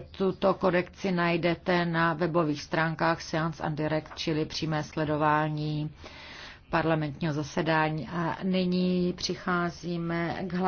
Tuto korekci najdete na webových stránkách Seance and Direct, čili přímé sledování parlamentního zasedání. A nyní přicházíme k